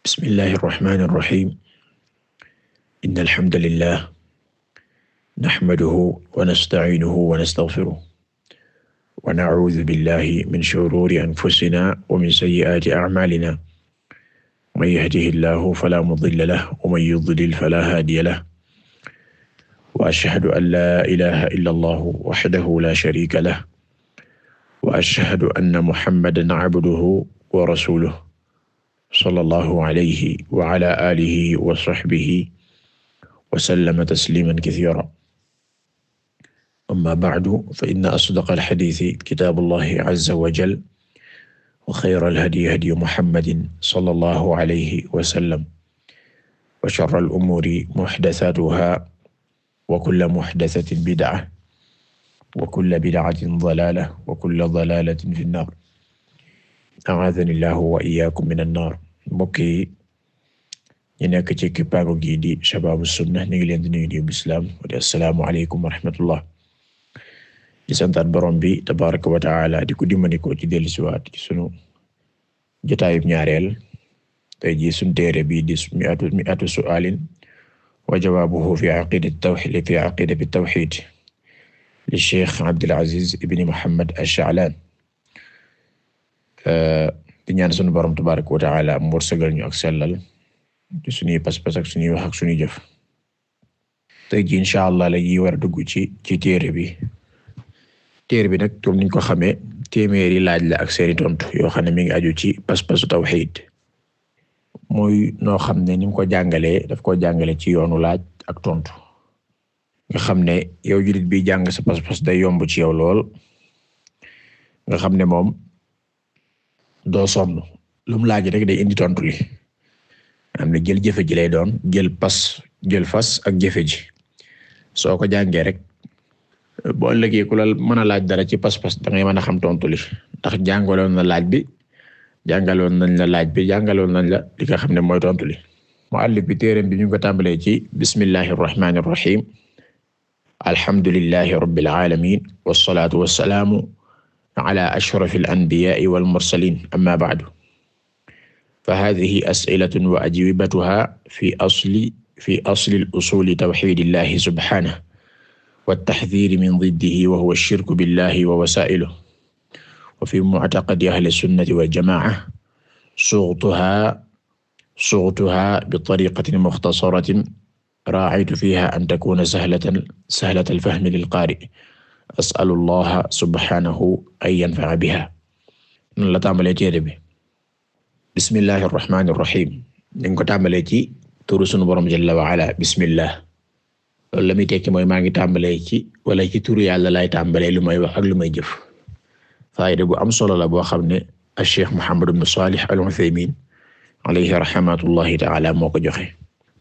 bismillahi irrahmani irrahim inna alhamdulillah naxmaduhu wa nastaciinuhu wa nastaxfiruh wa nacuudu billahi min shuruuri anfusina wa min sayyi'aati acmaalina man yahdihi llahu falaa mudilla lahu wa man yudlil falaa haadiya lahu wa ashhadu an laa ilaaha illa allahu wahdahu laa shariika lahu wa ashhadu anna muhammadan cabduhu wa rasuluhu sallallahu alayhi wa ala alihi wa sahbihi wa sallama tasliman kathira amma ba'du fa inna asdaqa alhadithi kitabullahi azza wa jal wa khayra alhadyi hadyu muhammadin sallallahu alayhi wa sallam wa sharra al-umuri muhdathatuha wa kullu muhdathatin bid'a wa kullu bid'atin dalalah wa kullu dalalatin fi an-nar a'aadani Allahu wa iyyaakum mina naar mbokk yi ñu nekk ci kippaaru gi di shababu sunna ñu ngi leen di nuyu di islam wa assalaamu aleykum wa rahmatullah di santaat borom bi tabaaraka wa ta'aala di ko dimbali ko ci dellusiwaat ci sunu jotaayub ñaareel tey jii sunu téere bi di mi'atu mi'atu su'aalin wa jawaabuhu fi aqiidati tawhiid fi aqiidati tawhiid li Cheikh Abdul Aziz Muhammad Ash-Sha'laan Eh, di ñaan sunu borom tabaraka wa taala mu wërsëgal ñu ak sellal ci suñuy pas-pas ak suñuy wax ak suñuy jëf tey ji incha allah la ñuy war a dugg ci ci téere bi téere bi nag comme niñ ko xamee téeméeri laaj la ak seeni tontu yoo xam ne mi ngi aju ci pas-pasu tawxiid mooy noo xam ne ni mu ko jàngalee daf ko jàngale ci yoonu laaj ak tontu nga xam ne yow jullit bi jàng sa pas-pas day yomb ci yow lool nga xam ne moom doo sonn lu mu laaj rek day indi tontu li am na jël jëfe ji lay doon jël pas jël fas ak jëfe ji soo ko jàngee rek boo ëllëgee ku la mën a laaj dara ci pas-pas da ngay mën a xam tontu li ndax jàngaloon na laaj bi jàngaloon nañ la laaj bi jàngaloon nañ la li nga xam ne mooy tontu li muallif bi téereem bi ñu ko tàmbalee ci bismillahir rahmanir rahim alhamdulillahi rabbil alamin was salatu ala ashraf al-anbiya'i wal mursalin amma ba'du fa hadhihi as'ilatun wa ajwibatuha fi asli fi asli al-usuli tawhidillahi subhanahu wat-tahdhiri min diddihi wa huwa ash-shirku billahi wa wasa'iluhu wa fi mu'taqadi ahli sunnati wal jamaa'a sughtuha sughtuha bitariqatin mukhtasaratin raa'itu fiha an takuna sahlatan sahlatal fahmi lil qaari' asalu allaha subhanahu an yanfaa biha noonu la tàmbalee téere bi bismillahi arrahmani irrahim ñu ngi ko tàmbalee ci turu sunu borom jalla wa ala bismillah loolu la muy tekki mooy maa ngi tàmbalee ci wala ci turu yàlla laay tàmbalee lu may wax ak lu may jëf faayida bu am solo la boo xam ne al cheikh Muhammad ibn Salih al Uthaymin alayhi rahmatullahi taala moo ko joxe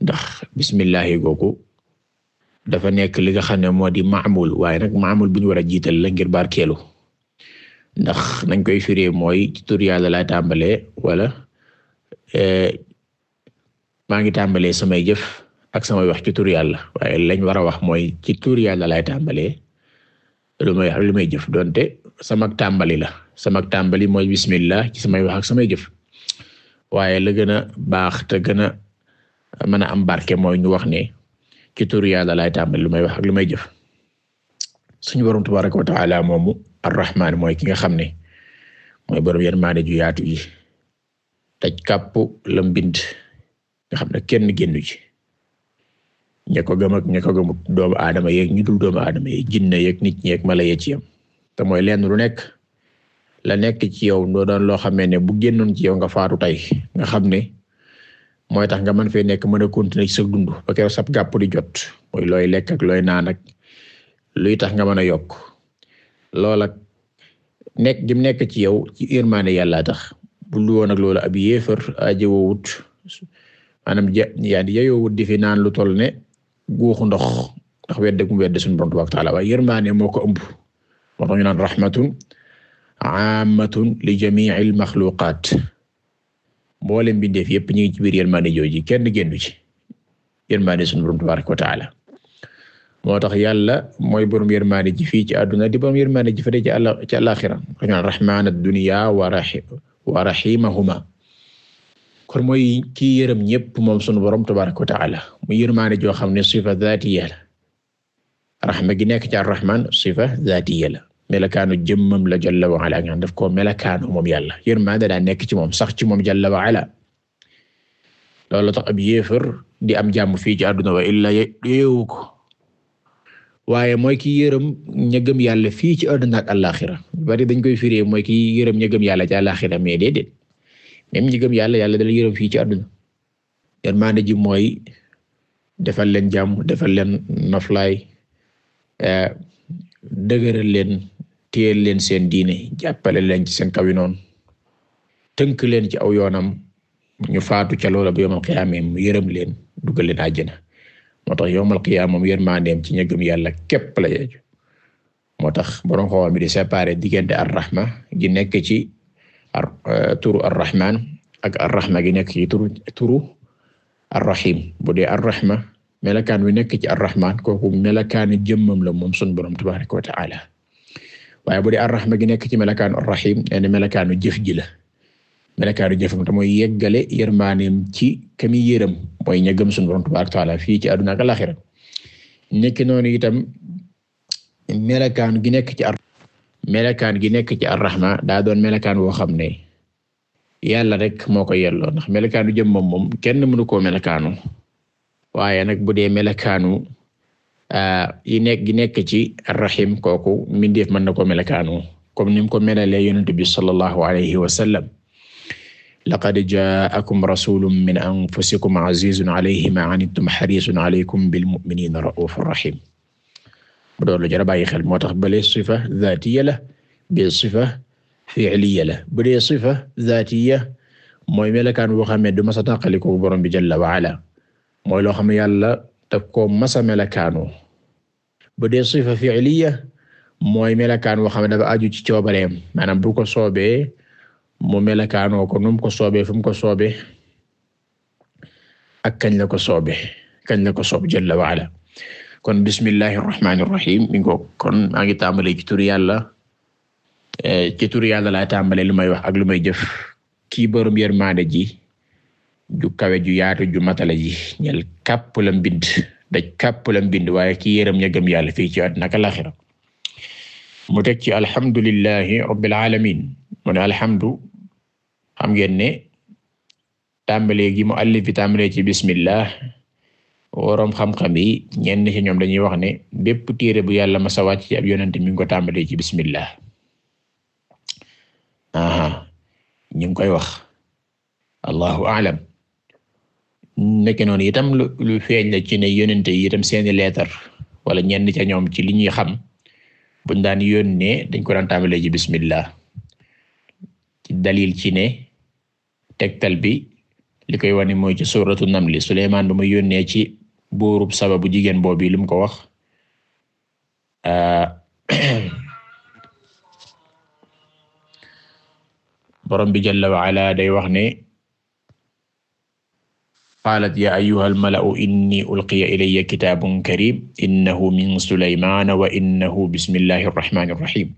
ndax bismillahi googu dafa nekk li nga xam ne moo di maamul waaye nag maamul bu ñu war a jiital la ngir barkeelu ndax nañ koy firee mooy ci tur yàlla laa tàmbalee wala eh, maa ngi tàmbalee samay jëf ak samay wax ci tur yàlla waaye lañ war a wax mooy ci tur yàlla laay tàmbalee lu may wax lu may jëf donte samak tàmbali la samak tàmbali mooy bismillah ci samay wax ak samay jëf waaye la gën a baax te gën a mën a am barke mooy ñu wax ne. ci tur yàlla laay tàmbali lu may wax ak lu may jëf suñu borom tabaraka wa taala moomu arrahmaan mooy ki nga xam ne mooy borom yërmaande ju yaatu yi taj kàpp la mbind nga xam ne kenn génnu ci ña ko gëm ak ña doomu aadama yeeg ñu dul doomu aadama yeeg jinne yeeg nit ñeeg mala yee ci yam te mooy lenn lu nekk la nekk ci yow doo doon loo xamee ne bu génnoon ci yow nga faatu tey nga xam ne mooy tax nga mën fee nekk mën a continuer ci sa dund ba keroog sab gàpp di jot mooy looy lekk ak looy naan ak luy tax nga mën a yokk loola nekk gim nekk ci yow ci yërmaande yàlla tax bu lu woon ak loolu ab yéefar ajowowut maanaam ja yaa ni yayowut di naan lu toll ne guuxu ndox ndax wedde gu wedde suñu borom tabaaraka ta'aala waaye yërmaande moo ko ëmb moo tax ñu naan rahmatun aamatun li jami'il maxluqaat mboolem bindeef yépp ñu ngi ci biir yërmande jooji kenn génnu ci yërmande sunu borom tabaaraka wa taala moo tax yàlla mooy borom yërmande ji fii ci àdduna di borom yërmande ji fële ci àll ci àllaxira xanaa rahmaan ad-dunya wa rahim kon mooy kii yërëm ñépp moom sunu borom tabaaraka wa taala mu yërmande joo xam ne sifa zaatiya la rahma gi nekk ca ar-rahmaan sifa zaatiya la melakaanu jëmmam la jalla wa ala nga daf koo melakaanu moom yàlla yërmande daa nekk ci moom sax ci moom jalla wa ala loolu tax ab yéefar di am jàmm fii ci àdduna wa illa yeewu ko waaye mooy ki yërëm ña gëm yàlla fii ci àdduna ak àllaxira dañ koy firé mooy ki yërëm ña yàlla ci àllaxira mais yàlla yàlla dala yërëm fii ci àdduna yërmande ji mooy defal leen jàmm defal leen noflay eh, dëgëral leen téyel leen seen diine jàppale leen ci seen kawi noonu tënk leen ci aw yoonam ñu faatu ca loola ba yowmal qiyaama mu yërëm leen dugal leen àjjana moo tax yowmal qiyaama moom yërmandeem ci ña gëm yàlla képp la yeeju moo tax borom xool bi di séparer diggante ar-rahma gi nekk ci euh, turu ar-rahman ak ar-rahma gi nekk ci turu turu bu dee ar-rahma melakaan wi nekk ci ar-rahman kooku melakaani jëmmam la moom sun borom tabaaraka wa ta'ala waaye bu dee arrahma gi nekk ci melakaanu arrahim nee melakaanu jëf jila la melakaanu jëfam te mooy yeggale yërmaaneem ci kami yërëm mooy ña gëm sunu borom tabaaraka fii ci àdduna ak alaxira nekk itam melakaan gi nekk ci ar melakaan gi nekk ci arrahma daa doon melakaan woo xam ne yàlla rek moo ko yelloo ndax melakaanu jëm moom moom kenn mënu koo melakaanu waaye nag bu melakaanu yi nekk gi nekk ci rahim kooku mindeef mën na ko melakaanu comme ni mu ko melalee yonent bi sallallahu alayhi wa sallam laqad jaakum rasulun min anfusikum azizun alayhi ma anittum harisun alaykum bil mu'minina raufur rahim bu doon lu jar a bàyyi xel moo tax bale sifa zaatiya la bi sifa fi'liya la bu dee sifa zaatiya mooy melakaan boo xam ne du ma sa tàqalikoo bi jalla wa ala mooy loo daf koo masa melakaanu bu dee sifa fi'liya mooy melakaan woo xam ne dafa aju ci coobareem maanaam bu ko soobee mu melakaanoo ko nu mu ko soobee fu mu ko soobee ak kañ la ko soobe kañ la ko soob jalla wa ala kon bismillahir rahmanir rahim mi ngoog kon maa ngi tàmbalee ci tur yàlla eh, ci tur yàlla laa tàmbalee lu may wax ak lu may jëf kii borom yërmande ji ju kawe ju yaatu ju matala ji ñel kàpp mbind daj kàpp la mbind waaye ki yéram ña gëm yàlla fii ci àddina ak alaxira mu teg ci alhamdulillahi rabbil alamin mu alhamdu xam ngeen ne tàmbalee gi mu allif bi tàmbalee ci bismillah woroom xam-xam yi ñenn ci ñoom dañuy wax ne bépp téere bu yàlla masa ci ab yonent mi ko tàmbalee ci bismillah aha ñu ngi koy wax allahu a'lam nekk noon itam lu lu feeñ la ci ne yónnente yi itam seeni leetar wala ñenn ca ñoom ci li ñuy xam buñ daan yónnee dañ ko daan tàmbalee ci bismillah ci dalil ci ne tegtal bi li koy wane mooy ci suratu namli Suleymaan ba mu yónnee ci buurub Saba bu jigéen boobu lim ko wax ah, borom bi jalla wa day wax ne qaalat yaa ayyuha almalau inni ulqiya ilayya kitaabun karim innahu min sulaymaana wa innahu bismillahi arrahmani irrahim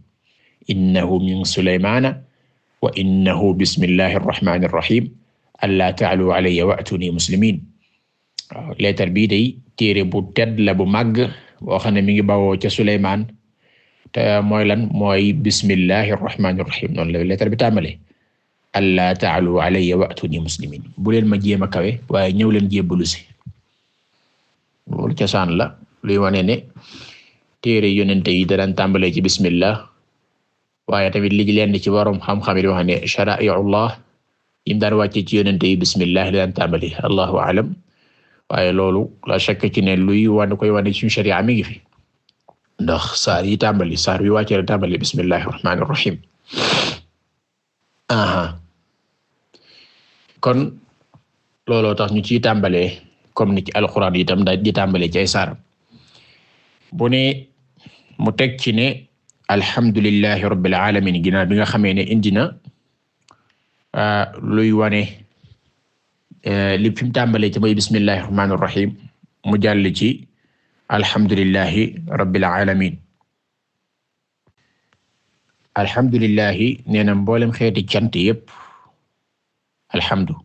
innahu min sulaymaana wa innahu bismillahi arrahmani irrahim allaa taalu alayya waatuni muslimin waaw leetar bii day téere bu tedd la bu màgg boo xam ne mi ngi bawoo ca Suleymaan te mooy lan mooy bismillahi arrahmani irrahim noonu la leetar bi tàmbalee alla ta'alu alayya wa'tuni muslimin bu ma jéem a kawe waaye ñëw leen jébbalu si loolu cosaan la luy wane ne téere yonente yi daan tàmbalee ci bismillah waaye tamit li leen ci waroom xam-xam yi di wax ne ci yonente yi bismillah daan tàmbalee allahu a'lam waaye loolu la shakk ci ne luy wane koy wane suñu mi ngi fi ndax saar yi tàmbali saar wi wàcce la tàmbali bismillahir rahmanir rahim kon looloo tax ñu ciy tàmbalee comme ni ci alxuraan itam da di tàmbalee ci ay saaram bu ne mu teg ci ne alhamdulillahi rabbil alamin ginnaaw bi nga xamee ne indi na luy wane e, li fi mu tàmbalee ci mooy bismillahi rahmaani rahim mu jàll ci alhamdulillahi rabbil alamin alhamdulillahi nee na mboolem xeeti cant yépp alhamdu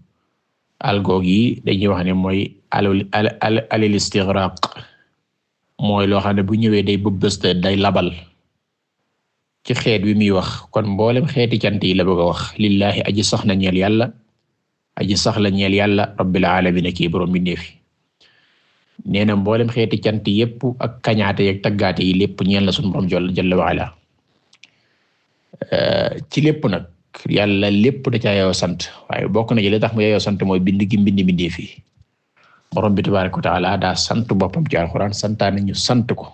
al yi dañuy wax ne mooy al al mooy loo ne bu ñëwee day bëbëste day labal ci xeet wi muy wax kon mboolem xeeti cant yi la wax lillahi aji sax ñeel yàlla aji sax la ñeel yàlla rabbil alamin kii borom bi neefi nee na mboolem xeeti cant yépp ak kañaate yeeg taggaate yi lépp ñeel la sunu borom jalla wa ala ci lépp nag. yàlla lépp da caa yeyoo sant waaye bokk na ci li tax mu yeyoo sant mooy bind gi mbind bindee fii borom bi tabaaraka wa taala daa sant boppam ci alxuraan santaane ñu sant ko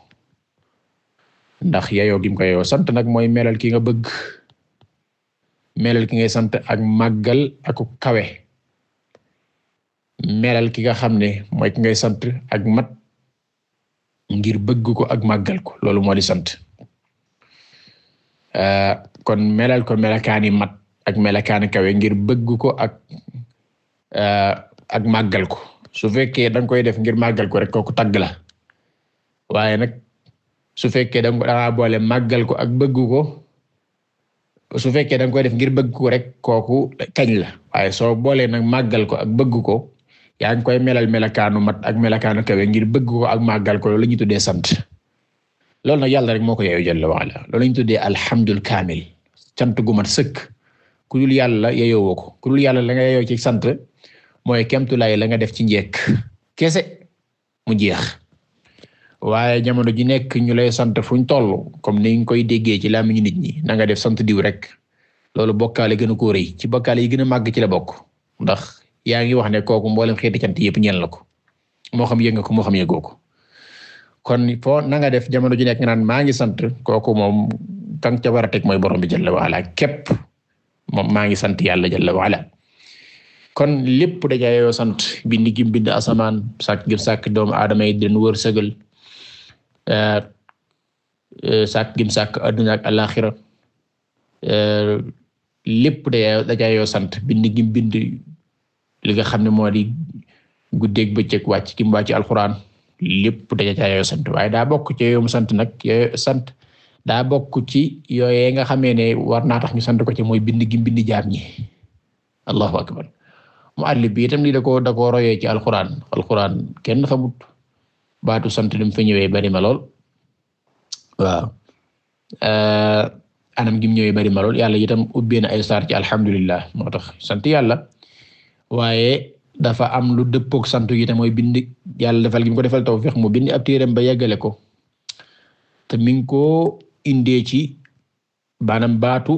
ndax yeyoo gi mu ko yeyoo sant nag mooy melal ki nga bëgg melal ki ngay sant ak màggal ak kawe melal ki nga xam ne mooy ngay sant ak mat ngir bëgg ko ak màggal ko loolu moo di sant. Uh, kon melal ko melakaani mat ak melakaani kawe ngir bëgg ko ak eh, ak màggal ko su fekkee da koy def ngir màggal ko rek kooku tagg la waaye nag su fekkee da nga ko boole màggal ko ak bëgg ko su fekkee da nga koy def ngir bëgg ko rek kooku kañ la waaye soo boolee nag màggal ko ak bëgg ko yaa ngi koy melal melakaanu mat ak melakaanu kawe ngir bëgg ko ak màggal ko loolu la ñu tuddee sant loolu nag yàlla rek moo ko yeewu jalla waala loolu la ñu tuddee alhamdul kaamil cant gu mat sëkk ku dul yàlla yeyoo ko ku dul yàlla la nga yeyoo ci sant mooy kemtulaay la nga def ci njekk kese mu jeex waaye jamono ji nekk ñu lay sant fuñ toll comme ni koy déggee ci làmmiñu nit ñi na def sant diw rek loolu bokkaale gën a ko rëy ci bokkaale yi gën a màgg ci la bokk ndax yaa ngi wax ne kooku mboole xeeti cant yëpp ñeel la ko moo xam yëg nga ko moo xam yëgoo ko kon foo na def jamono ji nekk naan maa sant kooku moom kan ca war a teg mooy borom bi jalla waala képp moom maa ngi sant yàlla jalla waala kon lépp dajaayoo sant bind gim bind asamaan sàkk doomu aadama yi di leen wërsëgal eh, eh, sàkk gim eh, lépp dajaayoo dajaayoo sant bind gim bind li xam ne moo di guddeeg bëccëg wàcc gim wàcc alxuraan lépp dajaayoo sant waaye daa bokk ci yooyu sant nag yooyu sant daa bokk ci yooyee nga xamee ne war naa tax ñu sant ko ci mooy bind gi bind jaam ñi allahu akbar muallif bi itam lii da ko da ko ci alquran alquran kenn xamut baatu sant li mu fa ñëwee bari ma lool waaw eh, anam gi ñëwee bari ma lool yàlla itam ubbee na ay saar ci alhamdulillah moo tax sant yàlla waaye dafa am lu dëppook sant yi itam mooy bind yàlla defal gi mu ko defal bind ab ba yeggale ko indee ci baanaam baatu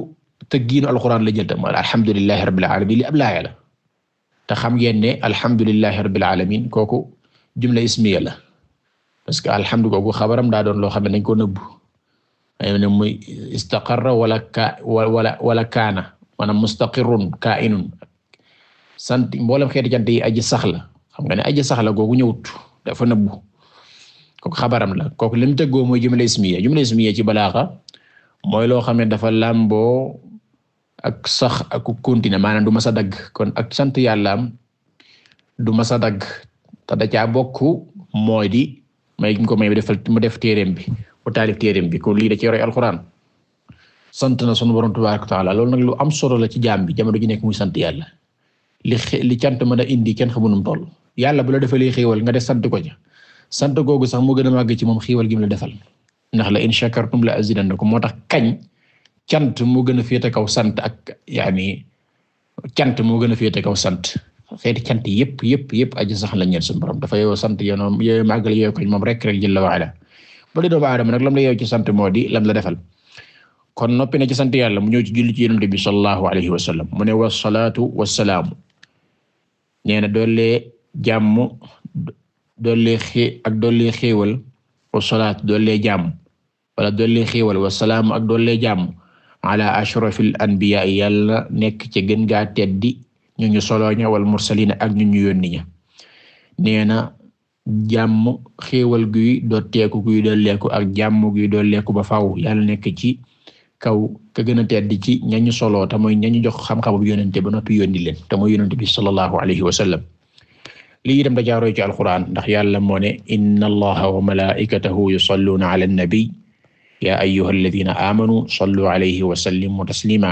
tëggiinu alquran la jël tam alhamdulillahi rabbil alamin li ab laaya la te xam ngeen ne alhamdulillahi rabbil alamin kooku jumla ismiya la parce que alhamdu kooku xabaram daa doon loo xam ne dañ ko nëbb ay ne muy istaqarra wala ka wala wala kaana maanaam mustaqirrun kaa'inun sant mboolem xeeti cant yi aji sax la xam nga ne aji sax la googu ñëwut dafa nëbbu kooku xabaram la kooku lim tëggoo mooy jumla ismiya jumla ismiya ci balaaxa mooy loo xam ne dafa làmboo ak sax ak continuer maanaam du masa dagg kon ak sant yàllaam du masa dagg te da caa bokk mooy di may gi ko may defal mu def téereem bi mu taalif téereem bi kon lii da ci roy alxuraan sant na sunu borom tabaaraka wa taala loolu nag lu am solo la ci jaam bi jamono ji nekk muy sant yàlla li li cant ma a indi kenn xamu nu mu toll yàlla bu la defalee xéewal nga def sant ko ca sant googu sax moo gën a màgg ci moom xiiwal gi mu la defal ndax la in shakartum la azidannakum moo tax kañ cant moo gën a féete kaw sant ak yaani cant moo gën a féete kaw sant xeeti cant yëpp yëpp yëpp aji sax la ñeel suñu borom dafa sant yoon yooyu màggal yooyu moom rek rek jëlla waala bu dee doomu aadama nag lam la yow ci sant moo di lam la defal kon noppi na ci sant yàlla mu ñëw ci julli ci yonent bi sallallahu alayhi wa sallam mu ne wa salaatu wa salaamu nee na doole jàmm dolli xi ak dolli xéewal wa salaat dolli jàmm wala dolli xéewal wa salaam ak dolli jàmm ala ashrafil anbiya yàlla nekk ci gën gaa teddi ñu ñu solooña wal mursalina ak ñu ñu yónni ña nee na jàmm xéewal guy dooteeku guy dolleeku ak jàmm guy dolleeku ba faaw yàlla nekk ci kaw ka gën a tedd ci ñañu soloo te ña ñañu jox xam-xamu yonente ba noppi yónni leen tam mooy yonente bi sallallahu alayhi wa sallam li itam dajaa roy ci alquran ndax yàlla moo ne inna allaha wa malaikatahu yusalluuna ala annabi ya ayyuha alladina amanu sallu alayhi wa sallimu taslima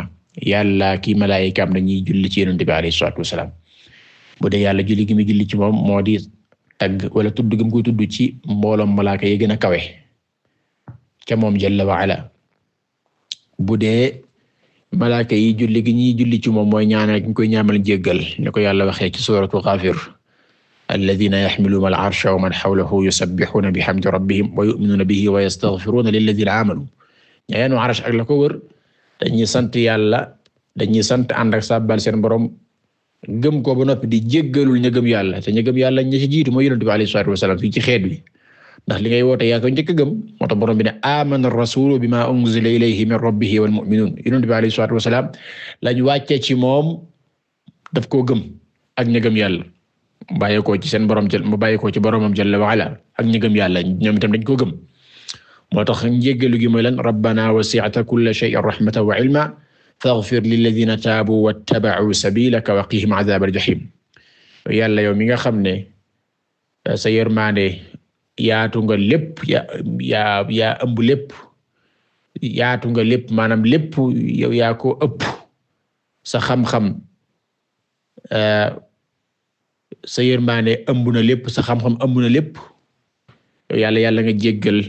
yàlla ki malaayikaam dañuy julli ci yonent bi alayhi salaatu yàlla julli gi ci moom moo di wala tudd gi mu koy tudd ci mbooloom malaaka yi gën a kawe ca moom jalla wa ala dee malaaka yi julli gi ñuy juli ci moom mooy ñaanal gi koy ñaamal jéggal ne ko yàlla waxee ci suuratu Ghaafir alladina yaxmiluuna al-arsha wa man xawlahu yusabbihuuna bihamdi rabbihim wa yu'minuuna bihi wa yastaghfiruuna lilladina aamanu ña yenu arsh ak la ko wër dañuy sant yàlla dañuy sant ànd ak sabbal seen borom gëm ko ba noppi di jéggalul ña gëm yàlla te ña gëm yàlla ña ci jiitu mooy yonent bi alayhi salaatu wa salaam fii ci xeet wi ndax li ngay woote yaa ko njëkk gëm moo tax borom bi ne aamana ar-rasuulu bimaa unzila ilayhi min rabbihi wal mu'minuun yonent bi alayhi salaatu wa salaam lañ wàccee ci moom daf koo gëm ak ña gëm yàlla mu bàyyeekoo ci seen borom jël mu bàyyeekoo ci boromam jalla wa ala ak ñi gëm yàlla ñoom itam dañ ko gëm moo tax njéggalu gi mooy lan rabbana wasi'ta kulla shay'in rahmatan wa ilma faghfir lilladhina taabu wattaba'u sabilaka wa qihim yow mi nga xam ne eh, sa yërmande yaatu nga lépp ya yaa yaa ëmb lépp yaatu nga lépp maanaam lépp yow yaa ko ëpp sa xam-xam eh, sa yërmaande ëmb na lépp sa xam-xam ëmb na lépp yow yàlla yàlla nga jéggal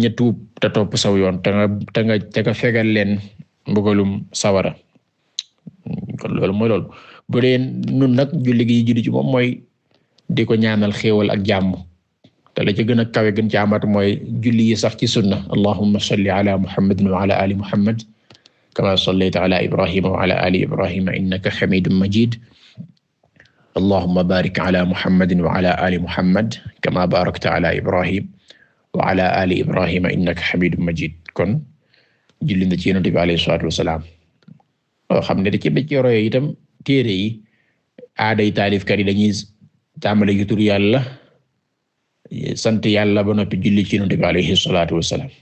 ña tuub top topp saw yoon te nga te nga te nga fegal leen mbugalum sawara kon loolu mooy loolu bu dee nun nag julli gi julli ci moom mooy di ko ñaanal xéewal ak jàmm te la ci gën a kawe gën ci mooy julli yi sax ci sunna allahumma salli ala muhammadin wa ala ali muhammad kama sallayta ala ibrahima wa ala ali ibrahima innaka hamidun majid allahuma barik ala muhammadin wa ala ali muhammad kama barakta ala ibrahim wa ala ali ibrahima innaka hamidum majid kon julli na ci yonent bi alayhi salaatu wasalaam loo xam ne da ci da ci roye itam téere yi aaday taalifkat yi dañuy tàmbale gi tur yàlla sant yàlla ba noppi julli ci yonent bi alayhi salaatu wasalaam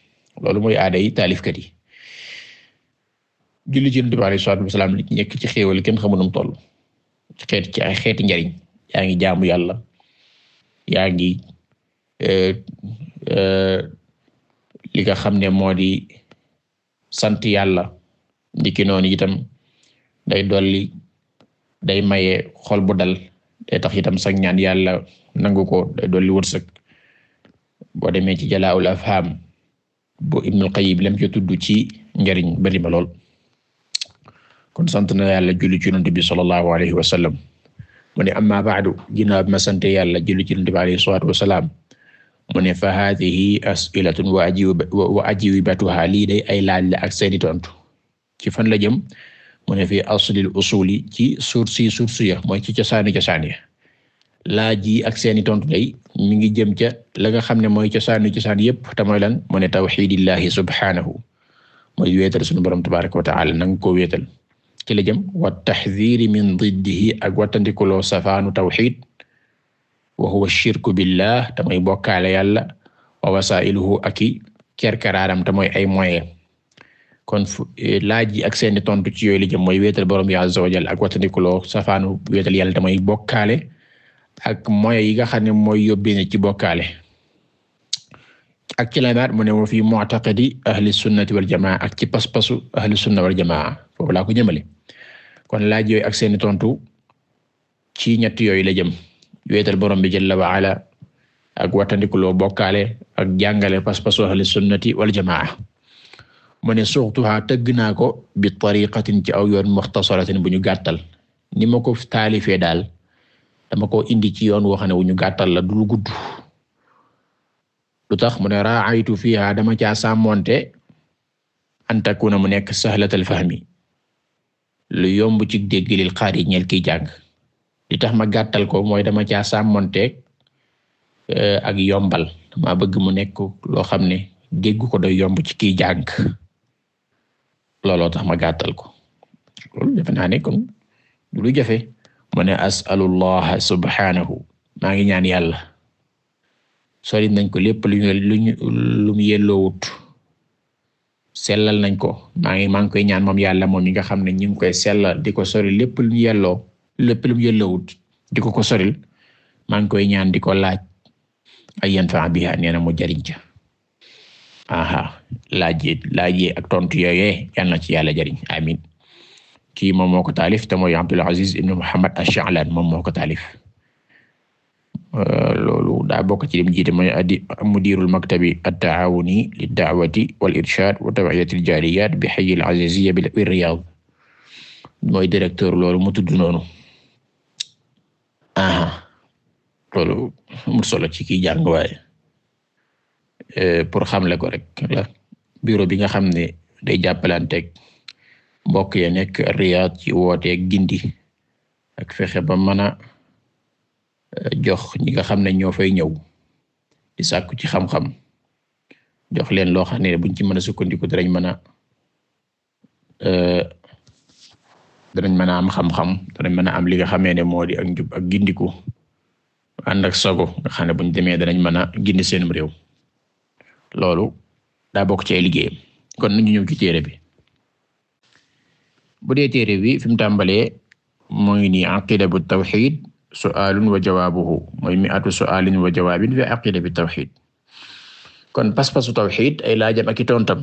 loolu mooy aaday taalifkat yi julli ci yonent bi alayhi salaatu wasalaam li ci nekk ci xéewal kenn xamunum tollu xeet ci ay xeeti njariñ yaa ngi jaamu yàlla yaa ngi e, e, li nga xam ne moo di sant yàlla ndiki noonu itam day dolli day maye xol bu dal day tax itam sax ñaan yàlla nangu ko day dolli wërsëg boo demee ci jalaaul afham bu Ibnul Qayyim lam ci tudd ci njariñ bari ma lool kon sant na julli ci yonent bi sallallahu alayhi wa sallam mu ne amma ba'du ginnaaw bi ma sant yàlla julli ci yonent bi alayhi salaatu wa salaam mu ne fa haadihi as'ilatun wa ajwibatuha lii day ay laal la ak seeni tont ci fan la jëm mu ne fi aslil usuli ci source yi source mooy ci cosaani cosaan ya laaj yi ak seeni tont day mi ngi jëm ca la nga xam ne mooy cosaani cosaan yëpp te mooy lan mu ne tawxidillahi subhaanahu mooy wéetal sunu borom tabaaraka wa ta'aala nanga ko wéetal ci la jëm wa taxdiri min diddihi ak wattandikuloo safaanu tawxid wa huwa shirku billah te mooy bokkaale yàlla wa wasailuhu aki kerkaraaram te mooy ay moyen kon e, laaj yi ak seeni tontu ci yooyu la jëm mooy wéetal borom bi azza wa jal ak wattandikuloo safaanu wéetal yàlla te mooy ak moyen yi nga xam ne mooy yóbbine ci bokkaale ak ci lanaat mu ne wa fi mu'taqadi ahli sunnati wal ak ci pas-pasu ahli sunna wal jamaa foofu laa ko jëmale kon laaj yooyu ak seeni tontu ci ñett yooyu la jëm wéetal borom bi jalla wa ala ak watandikuloo bokkaale ak jàngale pas-pas ahli sunnati wal jamaa mu ne suxtuha tëgg naa ko bi tariqatin ci aw yoon muxtasaratin bu ñu gàttal ni ma ko taalifee daal dama ko indi ci yoon woo xam ne wu ñu gàttal la dul lu tax mu ne raaytu fiha dama caa sàmmonte an takuna mu nekk sahlatal fahmi lu yomb ci dégg lil xaar yi ñeel kiy jàng li tax ma gàttal ko mooy dama caa sàmmonteeg eh, ak yombal dama bëgg mu nekk loo xam ne dégg ko doy yomb ci kiy jàng looloo tax ma gàttal ko loolu defe naa ne kon lu jafe mu ne as'alullah subhanahu maa ngi ñaan yàlla sori nañ ko lépp lu lu mu yelloowut sellal nañ ko maa ngi maa ngi koy ñaan moom yàlla moom mi nga xam ne ñu ngi koy sellal di ko sori lépp lu yelloo lépp lu yellowut di ko ko soril maa ngi koy ñaan di ko laaj ay yanfa biha nee na mu jariñ ca aha laaj yi laaj yi ak tontu ye yal na ci yàlla jariñ amin kii moom moo ko taalif te mooy Abdul Aziz ibn Muhammad Ash-Sha'lan moom moo ko taalif Eh, loolu daa bokk ci lim jiite mooy adi mudirul maktabi at-taawuni lid-da'wati wal irshad wa tabi'iyati jariyat bi hayy al-aziziyya bi Riyad mooy directeur loolu mu tudd noonu aha loolu solo ci kii jàng waaye eh, pour xamle ko rek la bi nga xam ne day jàppalanteeg mbokk ya nekk Riyad ci wooteeg gindi ak fexe ba mën jox ñi nga xam ne ñoo fay ñëw di sàkku ci xam-xam jox leen loo xam ne buñ ci mën a sukkandiku dinañ mën a euh, danañ mën a am xam-xam danañ mën a am li nga xamee ne moo di ak njub ak gindiku ànd ak sogo nga xam buñ demee danañ mën a gindi seenum réew loolu daa bokk ci ay liggéeyam kon ñu ñëw ci téere bi bu dee téere bi fi mu tàmbalee moo ngi nii aqida bu tawhid su su'aalun wa jawaabuhu mooy mi mi'atu su'aalin wa jawaabin fi aqiida bi tawxiid kon pas-pasu tawxiid ay laajam ak i tontam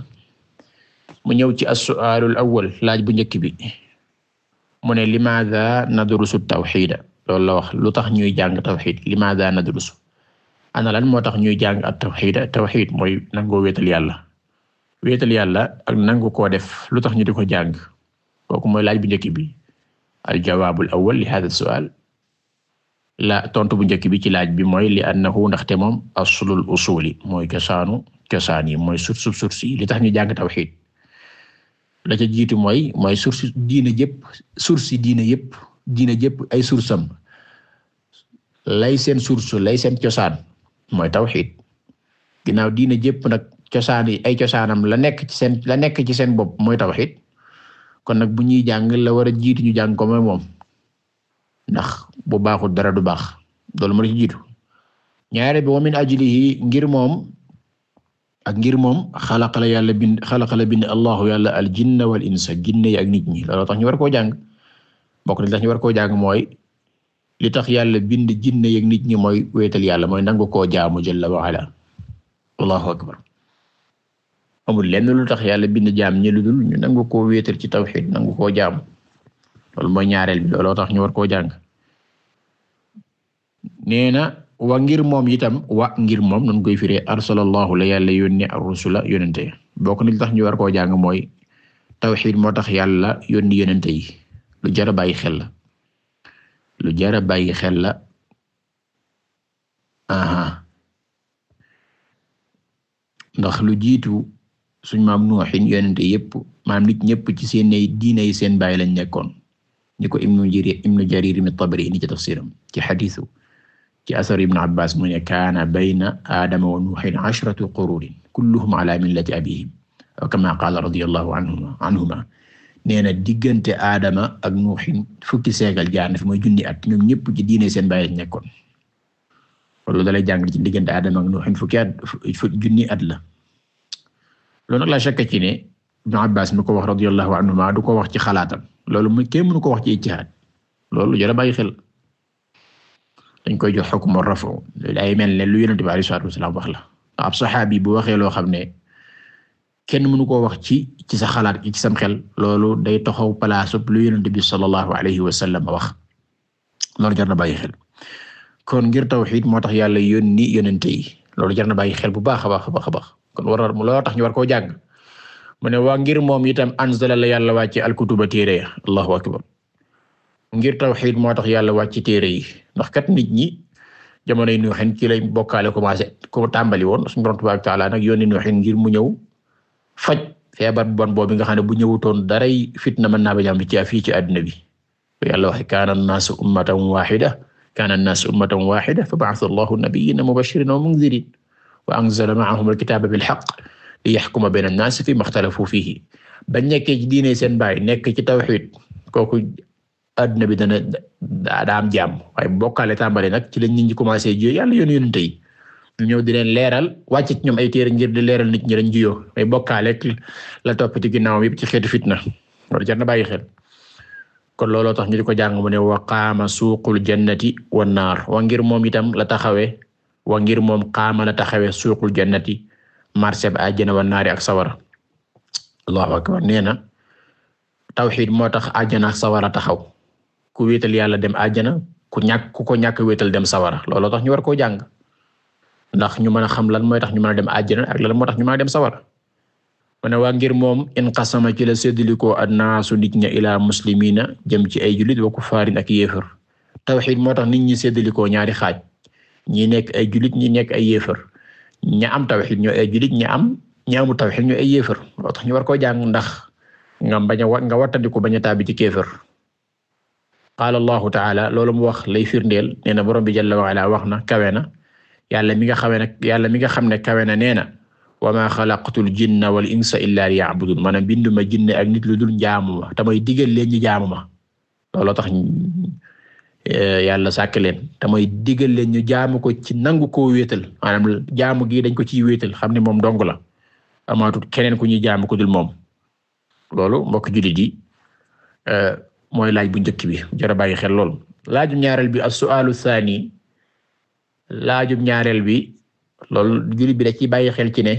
mu ñëw ci as-su'aalul awwal laaj bu njëkk bi mu ne limaada nadrusu tawxiida loolu la wax lu tax ñuy jàng tawxiid limaada nadrusu ana lan moo tax ñuy jàng at tawxiida tawxiid mooy nangoo wéetal yàlla wéetal yàlla ak nangu koo def lu tax ñu di ko jàng kooku mooy laaj bu njëkk bi al jawaabul awwal li su su'aal la tontu bu njëkk bi ci laaj bi mooy li annahu ndaxte moom aslul usuli mooy cosaanu cosaan yi mooy source source yi li tax ñu jàng tawxiid la ca jiitu mooy mooy source diine jëpp source yi diine yëpp diine jëpp ay source lay seen source lay seen cosaan mooy tawxiid ginnaaw diine jëpp nag cosaan yi ay cosaanam la nekk ci seen la nekk ci seen bopp mooy tawxiid kon nag bu ñuy jàng la war a jiitu ñu jàng ko mooy moom ndax bu baaxul dara du baax loolu moo ci jiitu ñaare bi wa min ajlihi ngir moom ak ngir moom xalaqa yàlla bind xalaqa la bind allahu yàlla al jinna jinne yi ak nit ñi looloo tax ñu war koo jàng bokk na tax ñu war koo jàng mooy li tax yàlla bind jinne yi ak nit ñi mooy wéetal yàlla mooy nangu koo jaamu jalla wa ala allahu akbar amul lenn lu tax yàlla bind jaam ñi lu dul ñu nangu koo wéetal ci tawhid nangu koo jaamu lool mooy ñaareel bi tax ñu war koo jàng nee na wa ngir moom itam wa ngir moom nun koy firee arsalallahu la yàlla yónni ar-rusula yónente bokk na tax ñu war koo jàng mooy tawxiid moo tax yàlla yónni yónente yi lu jar a bàyyi xel la lu jar a bàyyi xel la aha ndax lu jiitu suñ maam nuuxin yónente yépp maam nit ñépp ci seen diine yi seen baay lañ nekkoon ni ko ibnu jari ibnu jarir min tabari ni ci tafsiram ci xadisu ci asar ibnu abbas mu ne kaana bayna aadama wa nuuhin ashratu qurunin kulluhum ala millati abihim aw na diggante aadama ak nuuhin fukki seekal jaar na fi mooy junni at ñoom ñëpp ci diine seen bay nekkoon loolu dalay jàng ci diggante aadama ak nuuhin fukki junni at la loolu nag la shakka ci ne ibnu abbas mi ko wax radiyallahu anhuma du ko wax ci xalaatam loolu mu kenn mënu ko wax ci ijtihaad loolu jara bàyyi xel dañ koy jox xukmu rafu day mel ne lu Yonent bi sallallahu alayhi wasallam wax la ab saxaabi boo waxee loo xam ne kenn mënu koo wax ci ci sa xalaat ci sam xel loolu day taxaw place lu Yonent bi sallallahu alayhi wasallam wax loolu jar na bàyyi xel kon ngir taw tawxiid moo tax yàlla yónni yonent yi loolu jar na bàyyi xel bu baax a baax baax baax kon war na looloo tax ñu war koo jàng mu ne waa ngir moom itam anzala la yàlla wàcce alkutuba téere ya allahu akbar ngir tawxiid moo tax yàlla wàcc téere yi ndax kat nit ñi jamonoy nuuxin ci lay bokkaale commencé ko tàmbali woon suñu borom tabaaraka taala nag yónni nuuxin ngir mu ñëw faj feebar bu bon boobu nga xam ne bu ñëwutoon daray fitna man naa ba ñam ci fii ci àddina bi yàlla waxe kaana naasu ummatan waahida kaana naasu ummatan waahida fa ba'atha allahu nabiyyiina mubashiriina wa munziriina a anzala ma'ahum alkitaaba bilhaqq li yaxkuma bayna naasi fi maxtalafu fihi bañ nekkee ci diine seen baay nekk ci tawxiid kooku adduna bi dana daa am jàmm waaye bokkaale tàmbali nag ci lañ nit ñi commencé jiyoo yàlla yoon ñëw di leen leeral wàcc ci ñoom ay téere ngir di leeral nit ñi dañ jiyoo mais bokkaale la topp ci ginnaawam yëpp ci xeetu fitna loolu jar bàyyi xel kon looloo tax ñu di ko jàng mu ne wa qaama suuqul jannati wan naar wa ngir moom itam la taxawee wa ngir moom kaama la taxawee suuqul jannati marché bi àjjana wa naari ak sawara allahu akbar nee na tawxiid moo tax àjjana ak sawara taxaw ku wéetal yàlla dem àjjana ku ñàkk ku ko ñàkk wéetal dem sawara looloo tax ñu war koo jàng ndax ñu mën a xam lan mooy tax ñu mën a dem àjjana ak lan moo tax ñu mën a dem sawara mu ne waa ngir moom inqasama ci la séddalikoo annaasu nit ña ilaa muslimina jëm ci ay jullit wa kufaarin ak yéefar tawxiid moo tax nit ñi séddalikoo ñaari xaaj ñi nekk ay jullit ñi nekk ay yéefar ña am tawxid ñoo ay julit ña am ña taw tawxid ñoo ay yéefar loo tax ñu war koo jàng ndax nga bañ a nga wattandiku bañ a taabi ci kéefar qaala allahu taala loolu mu wax lay firndeel nee na borom bi jalla waala wax na kawe na yàlla mi nga xamee ne yàlla mi nga xam ne kawe na nee na wa ma xalaqtul jinna wal insa illa liya'budun maanaam binduma jinne ak nit lu dul njaamu ma tamay digal leen ñu jaamu tax Eh, yàlla sàkk leen te mooy leen ñu jaamu ko ci nangu koo wéetal maanaam jaamu dañ ko ciy wéetal xam ne moom dong la amaatut keneen ku ñuy jaamu ko dul moom loolu mbokk jullit yi eh, mooy laaj bu njëkk bi jara bàyyi xel lool laajum ñaareel bi as-su'aalu saani laajum ñaareel bi loolu jullit bi da ci bàyyi xel ci ne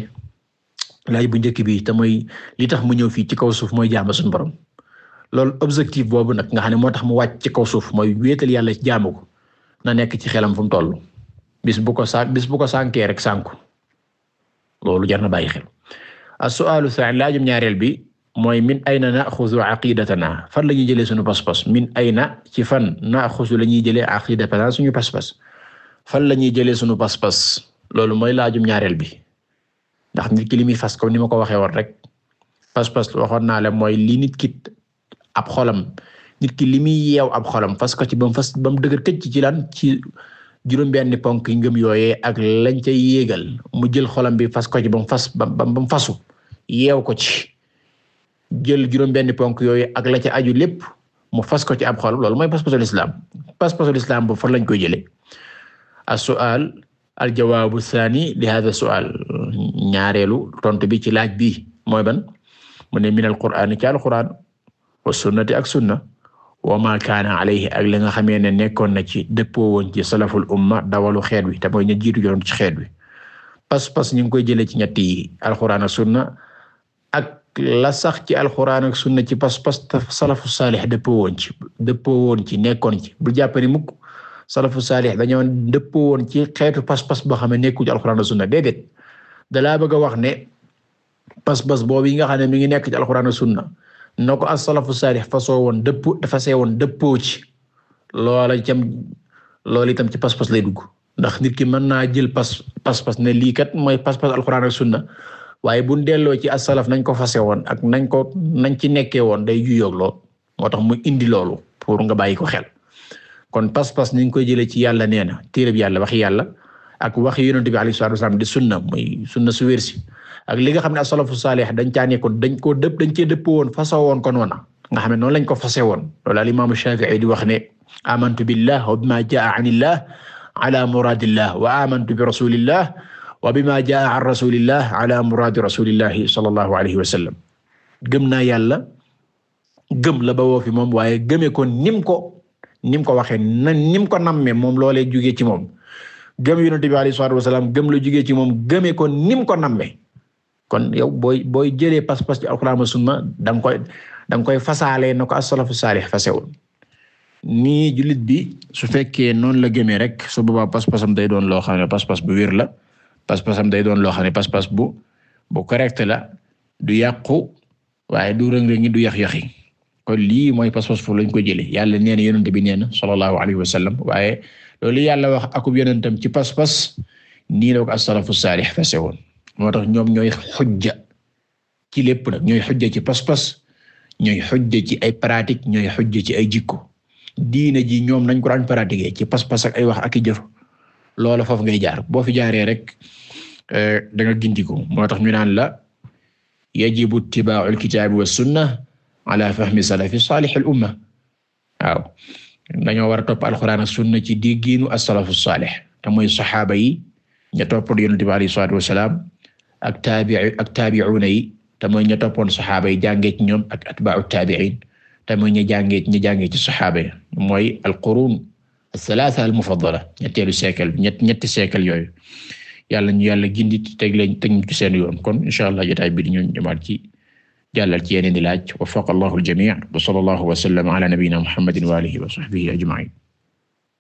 laaj bu njëkk bi te mooy li tax mu ñëw fii ci kaw suuf mooy jaamu suñu borom loolu objectif boobu nag nga xam ne moo tax mu wàcc ci kaw suuf mooy wéetal yàlla ci jaamu ko na nekk ci xelam fu mu toll bis bu ko sa bis bu ko sànkee rek sànku loolu jar na bàyyi a as-su'aalu saani laajum ñaareel bi mooy min ayna na'xuzu aqidatana fan la ñuy jëlee suñu pas-pas min ayna ci fan na'xuzu la ñuy jëlee aqidatana suñu pas-pas fan la ñuy jëlee suñu pas-pas loolu mooy laajum ñaareel bi ndax nit ki li muy fas comme ni ma ko waxee woon rek pas-pas waxoon naa la mooy li nit ab xolam nit ki li muy yeew ab xolam fas ko ci ba fas ba mu dëgër këcc ci laan ci juróom-benni ponk yi ngëm yooyee ak lañ ca yéegal mu jël xolam bi fas ko ci ba mu fas ba mu fasu yeew ko ci jël juróom benn ponk yooyu ak la ca aju lépp mu fas ko ci ab xolam loolu mooy paspasul islam paspasul islam bu fan lañ koy jëlee as-su'al al-jawaabu thani li hadha su'al ñaareelu tontu bi ci laaj bi mooy ban mu ne min al-qur'an ci al-qur'an wa sunnati ak sunna wa ma kaana alayhi ak li nga xamee ne nekkoon na ci dëppoo woon ci salaful umma dawalu xeet wi te mooy ñu jiitu joon ci xeet wi pas-pas ñu ngi koy jëlee ci ñett yi alxuraan ak ak la sax ci alxuraan ak sunna ci pas-pas salafu saalix dëppoo woon ci dëppoo woon ci nekkoon ci bu jàpp ne mukk salafu da dañoo dëppoo woon ci xeetu pas-pas boo xam ne nekku ci alxuraan ak sunna déedéet dalaa bëgg a wax ne pas-pas boobu yi nga xam ne mi ngi nekk ci alxuraan ak sunna na ko as-salafu saalih fasoo woon dëpp fasee woon dëppoo ci loola itam loolu itam ci pas-pas lay dugg ndax nit ki mën naa jël pas pas-pas ne lii kat mooy pas-pas alxuraan ak sunna waaye bu delloo ci as nañ ko fase woon ak nañ ko nañ ci nekkee woon day juyoog lool moo tax mu indi loolu pour nga bàyyi ko xel kon pas-pas ni koy jëlee ci yàlla nee na téereb yàlla waxi yàlla ak waxi yonent bi alayhi salaatu wasallam di sunna mooy sunna su wér si ak li nga xam ne as-salafu saalih dañ caa nekkoon dañ koo dëpp dañ cee dëpp woon fasa woon ko noona nga xam ne noonu lañ ko fase woon loolu al imam Shafi'i di wax ne amantu billah wa bima jaa an illah ala muradillah wa amantu bi rasulillah wa bima jaa an rasulillah ala muradi rasulillahi sallallahu alayhi wa sallam gëm naa yàlla gëm la ba woo fi moom waaye gëmee ko nim ko nim ko waxee na nim ko nammee moom loolee jugee ci moom gëm yonent bi alayhi salaatu wa gëm la jugee ci moom gëmee ko nim ko nammee kon yow booy booy jëlee pas-pas ci alxuraan ak sunna da nga koy da nga koy fasaalee na ko as-salafu saalih fasewul nii jullit bi su fekkee noonu la gëmee rek su boobaa pas-pasam day doon loo xam ne pas-pas bu wér la pas-pasam day doon loo xam ne pas-pas bu bu correct la du yàqu waaye du rëng-rëngi du yax-yaxi kon lii mooy pas-pas fu lañ ko jëlee yàlla nee na yonent bi nee na sallallahu alayhi wa sallam waaye loolu yàlla wax akub yonentam ci pas-pas nii la ko as-salafu saalih fasewoon moo tax ñoom ñooy xujja ci lépp nag ñooy xujja ci pas-pas ñooy xujja ci ay pratique ñooy xujja ci ay jikko diine ji ñoom nañ ko daan pratiquer ci pas-pas ak ay wax ak i jëf loola foofu ngay jaar boo fi jaaree rek eh, da nga gindiku moo tax ñu naan la yajibu ittiba'u al-kitabi wa sunna ala fahmi salafi salih al-umma waaw dañoo war a topp alxuraan ak sunna ci diggiinu as-salafu salih te mooy saxaaba yi ña topp yonent bi alayhi salaatu wa salaam ak taabi ak taabicuuna yi te mooy ña toppoon saxaaba yi jàngee ci ñoom ak atbaau taabicin te mooy ña jàngee ña jàngee ci saxaaba yi mooy alquruun althalaatha almufaddala ñetteelu siècle bi ñett ñetti siècle yooyu yàlla ñu yàlla gindi teg leen teg ñu ci seen kon incha allah jotaay bi di ñu jëmaat ci jàllal ci yeneen di laaj waffaqa allahu aljamii wa sallallahu wa sallam ala nabiyyina muhammadin wa